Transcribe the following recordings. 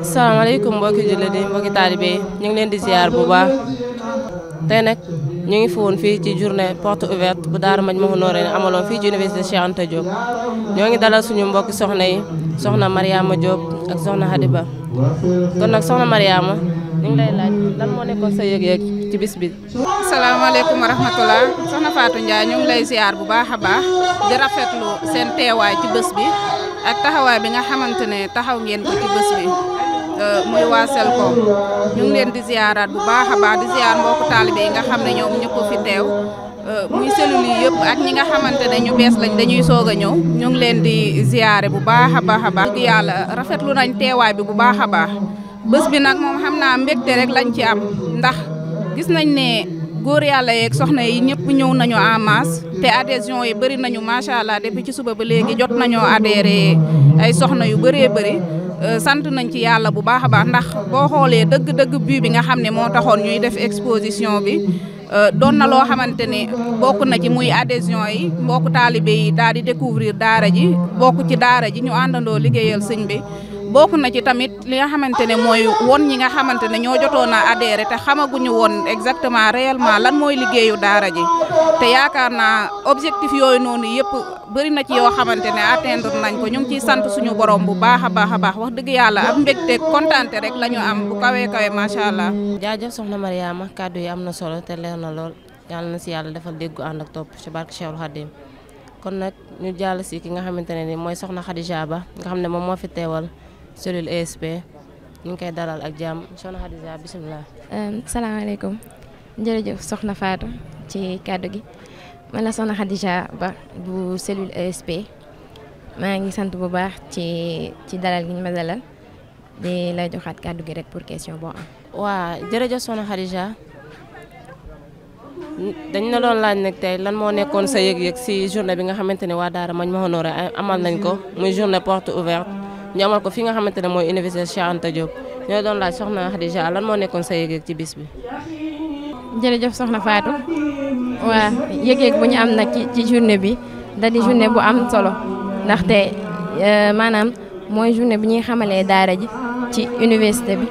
Assalamualaikum mbokki jullit yi mbokki taalibe ñu ngi leen di ziar bu baax tey nak ñu ngi fi ci journée porte ouverte bu Daara Majmahun Nurayni amalon fi ci université Cheikh Anta Diop ñoo ngi dalal suñu mbokki soxna yi soxna Mariama Diop ak soxna Hadiba kon sohna soxna Mariama ñu ngi lay laaj lan moo nekkoon sa yëg-yëg ci bis bi. Assalamualaikum wa rahmatulah soxna Fatou Ndiaye ñu ngi lay ziar bu baaxa baax di rafetlu seen teewaay ci bés bi ak taxaway bi nga xamantene taxaw ngeen ko ci bi. muy wa Celcom ñu ngi leen di ziaraat bu baax a baax di ziar mbokku taalibe yi nga xam ne ñoom ñëpp fi teew euh, muy cellules yi yëpp ak ñi nga xamante ne ñu bees lañ dañuy soog a ñëw ñu ngi leen di ziare bu baax a baax a baax dëgg yàlla rafetlu nañ teewaay bi bu baax a baax bés bi nag moom xam naa mbégte rek lañ ci am ndax gis nañ ne góor yàlla yeeg soxna yi ñëpp ñëw nañu en masse te adhésion yi bëri nañu macha allah depuis ci suba ba léegi jot nañoo adhéré ay soxna yu bëree bëri Euh, sant nañ ci yàlla bu baax a baax ndax boo xoolee dëgg-dëgg bu bi nga xam ne moo taxoon ñuy def exposition bi euh, doon na loo xamante ne bokk na ci muy adhésion yi mbokk taalibe yi daal di découvrir daara ji bokk ci daara ji ñu àndandoo liggéeyal sëñ bi bokku na ci tamit li nga xamantene moy won ñi nga xamantene ne ñoo jotoon a té te xamaguñu won exactement réellement lan moy liggéeyu daara ji té yaakaarna objectif yoy nonu yépp bari na ci yo xamantene atteindre nañ ko ñu ci sante suñu borom bu baaxa baaxa baax wax dëgg yalla am mbékté contenté rek lañu am bu kawé kawé ma sha allah. jaajëf soxna Mariama kàddu yi amna solo té leer lool yalla na ci yalla defal déggu and ak top ci barke Cheikhul Khadim kon nak ñu jall ci ki nga xamantene ni moy soxna Khadija Ba nga xamne mom mo fi téwal cellule ESP ñu ngi koy dalal ak jàmm soxna Khadija bisimilah. salaamaaleykum jërëjëf soxna Fatou ci kàddu gi man la soxna Khadija Ba bu cellule ESP maa ngi sant bu baax ci ci dalal gi ñu ma dalal di la joxaat kàddu gi rek pour question boo am. waa jërëjëf soxna Khadija dañ na doon laaj nag tey lan moo nekkoon sa yëg-yëg si journée bi nga xamante ne waa Daara ma honoré amal nañ ko muy journée porte ouverte. ñu amal ko fi nga xamante ne mooy université Cheikh Anta Diop ñoo doon laaj soxna Khadija lan moo nekkoon sa yëgeeg ci bis bi. jërëjëf soxna Fatou waa yëgeeg bu ñu am nag ci journée bi da di journée bu am solo ndaxte euh, maanaam mooy journée bi ñuy xamalee daara ji ci université bi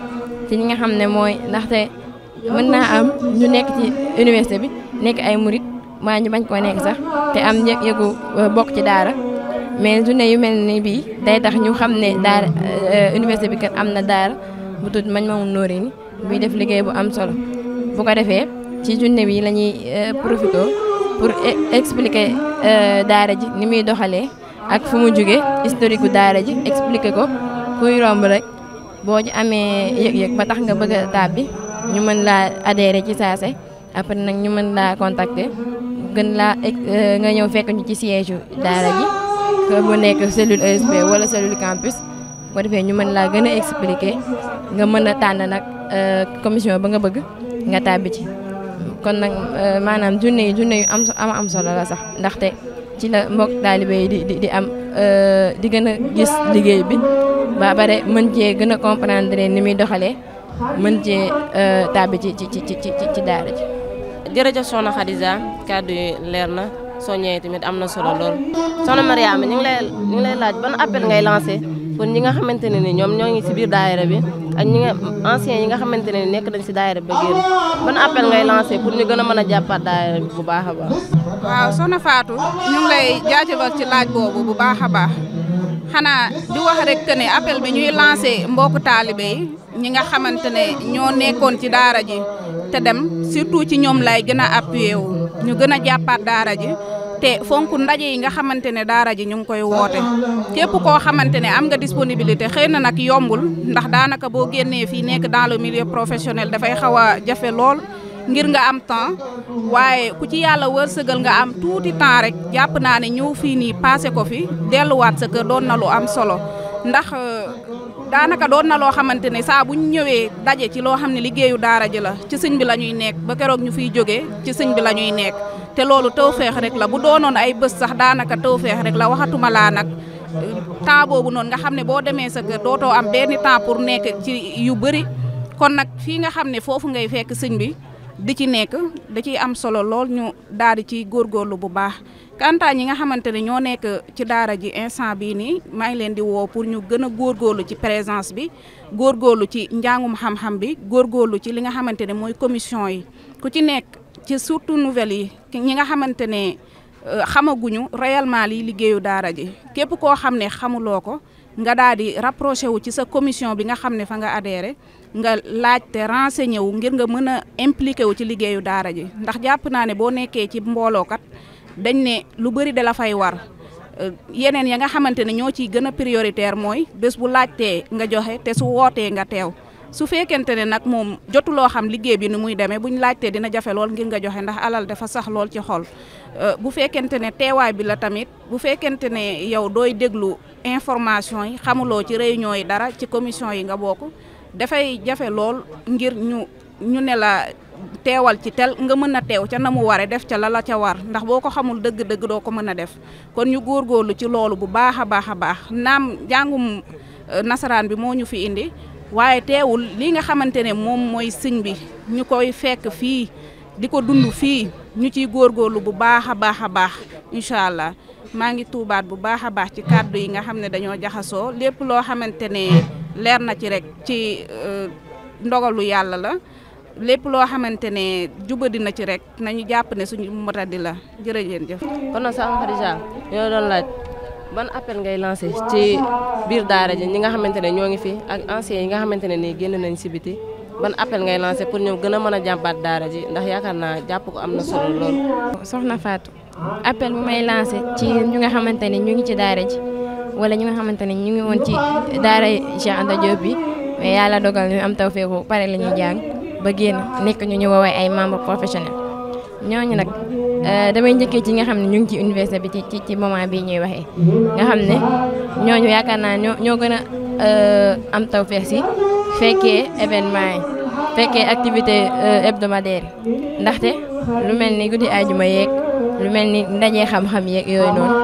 te ñi nga xam ne mooy ndaxte mën naa am ñu nekk ci université bi nekk ay murit maa ñu bañ koo nekk sax te am yëg-yëgu euh, bokk ci daara. mais journée yu mel ni bii day tax ñu xam ne daara euh, université bi kat am na daara bu tudd Majmahun Nurayni buy def liggéey bu am sol bu ko defee ci journée bi la ñuy euh, profité pour e-, expliquer euh, daara ji ni muy doxalee ak fu mu jóge historique gu ji expliquer ko kuy romb rek boo ci amee yëg-yëg ba tax nga bëgg a bi ñu mën laa adhérer ci saase après nag ñu mën laa contacter gën laa nga ñëw fekk ñu ci siège daara ji. que bu nekk cellule ESP wala cellule campus bu ko defee ñu mën laa gën a expliquer nga mën a tànn nag euh, commission ba nga bëgg nga tàbbi ci. kon nag euh, maanaam junne yi junne yu am am am solo la sax ndaxte ci la mbokk taalibe yi di di di am euh, di gën a gis liggéey bi baa bare mën cee gën a comprendre ni muy doxalee mën cee tàbbi ci ci ci ci ci daara ji. jërëjëf soxna Khadija kàddu yi leer na. soo ñëwee tamit am na solo lool. soxna Mariama ñu lay ñu ngi lay laaj ban appel ngay lancé pour ñi nga xamante ne ni ñoom ñoo ngi si biir daayira bi ak ñi nga anciens yi nga xamante ne ni nekk nañ si daayira bi génn ban appel ngay lancé pour ñu gën a mën a jàppaat daayira bi bu baax a baax. waaw soxna Fatou ñu ngi lay jaajëfal ci laaj boobu bu baax a baax xanaa di wax rek que appel bi ñuy lancé mbokku taalibe ñi nga xamante ne ñoo nekkoon ci daara ji te dem surtout ci ñoom lay gën a appuyé wu. ñu gën a jàppaat daara ji te fonk ndaje yi nga xamante ne daara ji ñu ngi koy woote képp koo xamante ne am nga disponibilité xëy na nag yombul ndax daanaka boo génnee fii nekk dans le milieu professionnel dafay xaw a jafe lool ngir nga am temps waaye ku ci yàlla wërsëgal nga am tuuti temps rek jàpp naa ne ñëw fii nii passé ko fi delluwaat sa kër doon na lu am solo ndax euh, daanaka doon na loo xamante ne saa bu ñëwee daje ci loo xam ne liggéeyu daara ji la ci sëñ bi la ñuy nekk ba keroog ñu fiy jóge ci sëñ bi la ñuy nekk te loolu tawféex rek la bu doonoon ay bés sax daanaka tawféex rek la waxatuma laa nag temps boobu noonu nga xam ne boo demee sa kër dootoo am benn temps pour nekk ci yu bëri kon nag fii nga xam ne foofu ngay fekk sëñ bi di ci nekk da ciy am solo lool ñu daal ci góor góorlu bu baax kantaa ñi nga xamante ne ñoo nekk ci daara ji instant bii nii maa ngi leen di woo pour ñu gën a góorlu ci présence bi góor góorlu ci njàngum xam-xam bi góorlu ci li nga xamante ne mooy commission yi ku ci nekk ci surtout nouvelles yi ñi nga xamante ne euh, xamaguñu réellement liy liggéeyu daara ji képp koo xam ne xamuloo ko nga daal di rapproché wu ci sa commission bi nga xam ne fa nga adhéré nga laajte renseigné wu ngir nga mën a impliqué wu ci liggéeyu daara ji ndax jàpp naa ne boo nekkee ci mbooloo kat dañ ne lu bëri da la fay war euh, yeneen ya nga xamante ne ñoo ciy gën a prioritaire mooy bés bu laajtee nga joxe te su wootee nga teew su fekkente ne nag moom jotuloo xam liggéey bi nu muy demee buñ laajtee dina jafe lool ngir nga joxe ndax alal dafa sax lool ci xol euh, bu fekkente ne teewaay bi la tamit bu fekkente ne yow dooy déglu information yi xamuloo ci réunion yi dara ci commission yi nga bokk dafay jafe lool ngir ñu ñu ne la teewal ci tel nga mën a teew ca na mu waree def ca la la ca war ndax boo ko xamul dëgg-dëgg doo ko mën a def kon ñu góorgóorlu ci loolu bu baax a baax a baax naam jàngum euh, nasaraan bi moo ñu fi indi waaye teewul lii nga xamante ne moom mooy sëñ bi ñu koy fekk fii di ko dund fii ñu ciy góor góorlu bu baax a baax a baax incha allah maa ngi tuubaat bu baax a baax ci kàddu yi nga xam ne dañoo jaxasoo lépp loo xamante ne leer na ci rek ci euh, ndogalu yàlla la lépp loo xamante ne jubadi na ci rek nañu jàpp ne suñu motadi la jërëjëf. kon nag sax Khadija yow doon laaj. ban appel ngay lancé ci biir daara ji ñi nga xamante ne ñoo ngi fi ak anciens yi nga xamante ne nii génn nañ si biti ban appel ngay lancé pour ñoom gën a mën a jàmbaat daara ji ndax yaakaar naa jàpp ko am na solo lool. soxna Fatou appel bu may lancé ci ñu nga xamante ne ñu ngi ci daara ji wala ñu nga xamante ne ñu ngi woon ci daara ji Anta Diop bi mais yàlla dogal ñu am tawfeex bu pare la ñuy jàng ba génn nekk ñu ñu woowee ay membre professionnel ñooñu nag eh, damay njëkkee ci nga xam ne ñu ngi ci université bi ci ci moment bii ñuy waxee nga xam ne ñooñu yaakaar naa ñoo ñoo gën a eh, am tawfeex si fekkee événement yi fekkee activité eh, hebdomadaire ndaxte lu mel ni guddi aajuma yéeg lu mel ni ndaje xam-xam yeeg yooyu noonu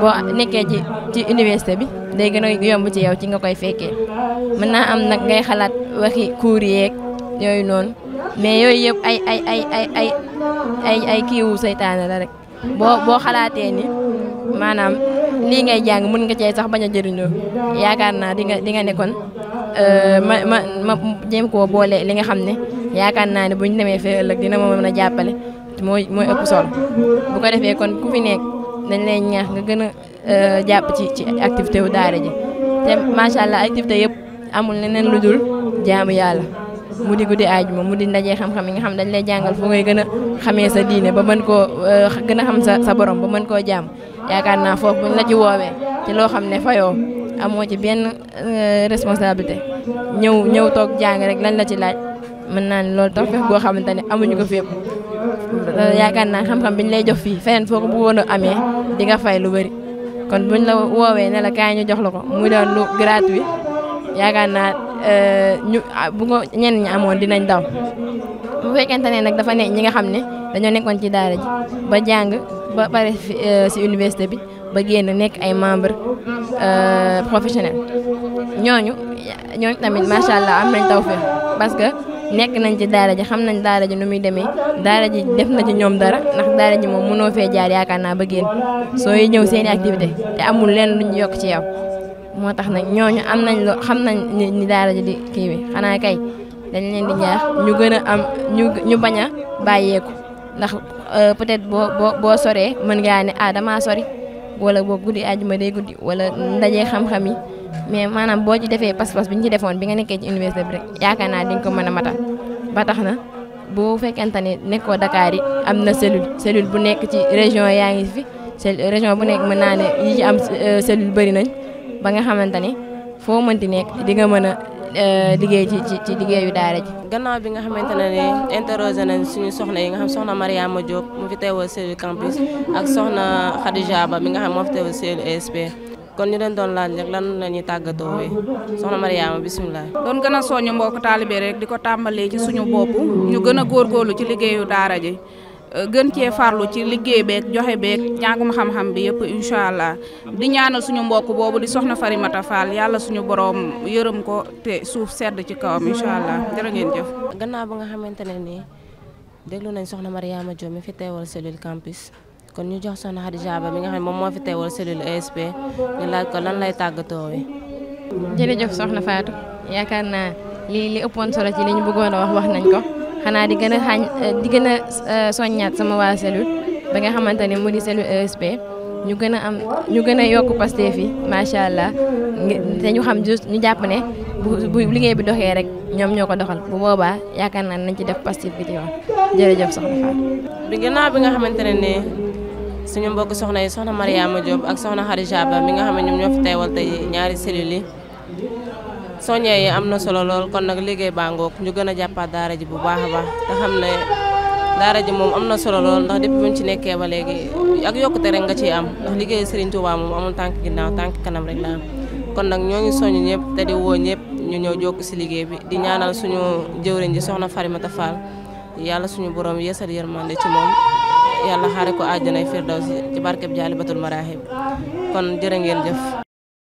boo nekkee ci ci université bi day gën a yomb ci yow ci nga koy fekkee mën naa am nag ngay xalaat waxi cours yeeg yooyu noonu mais yooyu yëpp ay ay ay ay. ay kiiwu seytaane la rek boo boo xalaatee ni maanaam lii ngay jàng mun nga cee sax bañ a jariñoo yaakaar naa di nga di nga ne kon euh, ma ma ma jéem koo boole li nga xam ne yaakaar naa ne bu ñu demee fee ëllëg dina ma mën a jàppale mooy mooy ëpp solo bu ko defee kon ku fi nekk dañ lay ñaax nga gën a euh, jàpp ci ci activité wu daara ji te macha allah activité yëpp amul leneen lu dul jaamu yàlla. mu di guddi aajuma mu di ndaje xam-xam yi nga xam dañ lay jàngal fu ngay gën a xamee sa diine ba mën koo euh, gën a xam sa sa borom ba mën koo jaam yaakaar naa foofu la ci woowee ci loo xam ne fayoo amoo ci benn euh, responsabilité ñëw ñëw toog jàng rek lañ la ci laaj mën naa ne loolu tax fex goo ne amuñu ko fépp yaakaar naa xam-xam biñ lay jox fii feneen foo bu bëggoon a amee di nga fay lu bëri kon buñ la woowee ne la kaay ñu jox la ko muy doon lu gratuit yaakaar naa Euh, ñu ah, bu ko ñenn ñi amoon dinañ daw bu fekkente ne nag dafa ne ñi nga xam ne dañoo nekkoon ci daara ji ba jàng ba pare si euh, université bi ba génn nekk ay membre euh, professionnel ñooñu ñooñu tamit macha allah am nañ tawféex parce que nekk nañ ci daara ji xam nañ daara ji nu muy demee daara ji def na ci ñoom dara ndax daara ji moom mënoo fee jaar yaakaar naa ba génn sooy ñëw seeni activité te amul leen luñ yokk ci yow moo tax nag ñooñu am nañ loo xam nañ ni daara ji di kii bi xanaa kay dañ leen di ñaax ñu gën a am ñu ñu bañ a bàyyeeku ndax euh, peut-être boo boo boo soree mën ngaa ne ah damaa sori wala boo guddi ma day guddi wala ndaje xam-xam yi mais maanaam boo ci defee pas-pas bi ñu ci defoon bi nga nekkee ci université bi rek yaakaar naa di nga ko mën a matal ba tax na bu fekkente ne nekkoo dakaar yi am na cellule cellule bu nekk ci région yaa ngi fi région bu nekk mën naa ne ci am euh, cellule bëri nañ. ba nga xamante ni foo mënti nekk di nga mën a euh, liggéey ci ci liggéeyu daara ji. gannaaw bi nga xamante ne ni interrogé nañ suñu soxna yi nga xam soxna Mariama Diop mu fi teewal CELU campus ak soxna Khadija Ba mi nga xam moo fi teewal CELU ESP. kon ñu leen doon laaj rek lan la ñuy tàggatoo wee soxna Mariama bisimilah. doon gën a mbokk taalibe rek di ko tàmbalee ci suñu bopp ñu gën a góorgóorlu ci liggéeyu daara ji. Euh, gën cee farlu ci liggéey beeg joxe beeg njàngum xam-xam bi yëpp incha allah di ñaana suñu mbokk boobu di soxna Farimata Fall yàlla suñu borom yërëm ko te suuf sedd ci kawam incha allah jërë ngeen jëf. gannaaw ba nga xamante ne nii déglu nañ soxna Mariama Diop mi fi teewal cellule campus kon ñu jox soxna Khadija Ba mi nga xam ne moom moo fi teewal cellule ESP ñu laaj ko lan lay tàggatoo wi. jërëjëf soxna Fatou yaakaar naa lii li ëppoon solo ci li ñu bëggoon wax wax nañ ko. xana di gëna xañ eh, di gëna eh, a sama wa cellule ba nga xamante mu di cellule ESP ñu gëna am ñu gëna yok pasté fi ma sha allah té ñu xam juste ñu japp né bu liggéey bi doxé rek ñom ñoko doxal bu boba yaakaar na nañ ci def pasté bi di wax jërëjëf soxna fa bi gëna bi nga xamante né suñu mbokk soxna yi soxna Mariama Diop ak soxna Khadija Ba mi nga xam ñom ñoom ñoo fi ñaari cellule yi. soññee yi am na solo lool kon nag liggéey bàngoog ñu gën a jàppaat daara ji bu baax a te xam ne daara ji moom am na solo lool ndax depuis buñ ci nekkee ba léegi ak te rek nga ciy am ndax liggéey Serigne Touba moom amul tànk ginnaaw tànk kanam rek la am kon nag ñoo ngi soññ ñëpp te di woo ñëpp ñu ñëw jokk si liggéey bi di ñaanal suñu jëwriñ ji soxna ma Farimata Fall yàlla suñu borom yeesal yërmande ci moom yàlla xaare ko àjjanay firdawsi ci barkeb jaalibatul marahib kon jërë ngeen jëf